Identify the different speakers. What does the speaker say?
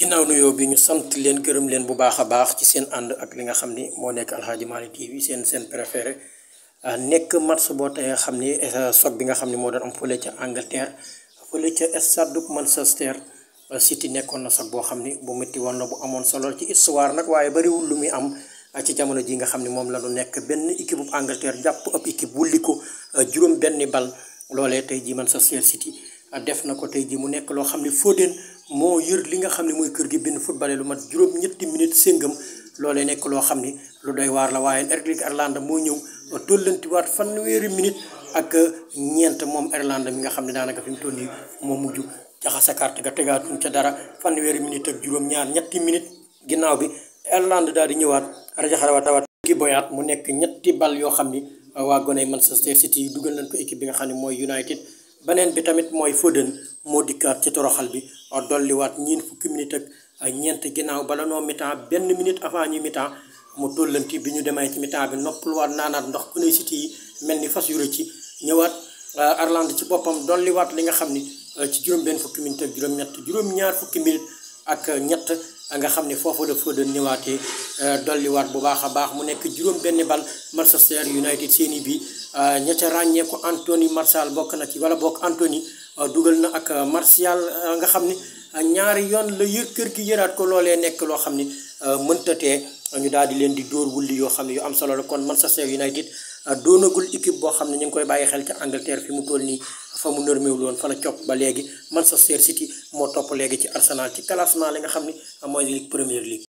Speaker 1: ginnaaw nuyoo bi ñu
Speaker 2: sant leen gërëm leen bu baax a baax ci seen ànd ak li nga xam ni moo nekk Aladji Malick TV seen seen préféré ah, nekk match boo tey xam ni soog eh, bi nga xam ni moo doon am fële ca Angleterre fële ca stade du Manchester ah, City nekkoon na soog boo xam ni bu métti woon la bu amoon solo ci histoire nag waaye bariwul lu muy am ah, ci jamono ji nga xam ni moom la ñu nekk benn équipe bu jàpp ab équipe wulli ko juróom benn bal loolee tey ji Manchester City def na ko tey ji mu nekk loo xam moo yër li nga xam ne mooy kër gi benn footballé lu mat juróom-ñetti minutes séngam loolee nekk loo xam ne lu doy waar la waaye Erling Haaland moo ñëw tollantiwaat fanweeri minute ak ñeent moom Haaland mi nga xam ne daanaka fi mu toll yi moo mujj jaxasa carte ga tegaatuñ ca dara fanweeri minute ak juróom-ñaar ñetti minute ginnaaw bi Haaland daal di ñëwaat rajaxarawa tawaat ki boyaat mu nekk ñetti bal yoo xam ni waa goney Manchester City dugal nañ ko équipe bi nga xam ne mooy United beneen bi tamit mooy Foden moo dikkaat ci toroxal bi dolliwaat ñeent fukki minute ak ñeent ginnaaw bala noo mi-temps benn minute avant ñu mi-temps mu tollanti bi ñu demee ci mi-temps bi noppaluwaat naanaat ndox ku ne cité yi mel ni fas yure ci ñëwaat Irlande euh, ci boppam dolliwaat li nga xam ni euh, ci juróom-benn fukki minute ak juróom-ñett fukki minute ak ñett nga xam ne foofu la foo doon ñëwaatee euh, dolliwaat bu baax a baax mu nekk juróom benn bal Manchester United seeni bi ña ca ràññee ko Anthony Martial bokk na ci wala bokk Anthony Euh, dugal na ak euh, Martial euh, nga xam ni ñaari yoon la yër kër gi yëraat ko loolee nekk loo xam ni mëntatee ñu daal di leen di dóor wulli yoo xam ne yu am solo la kon Manchester United doonagul équipe boo xam ne ñu ngi koy bàyyi xel ca Angleterre fi mu toll nii fa mu nërmeewul woon
Speaker 1: fa la copp ba léegi Manchester City moo topp léegi ci Arsenal ci classement li nga xam ni mooy Ligue Premier League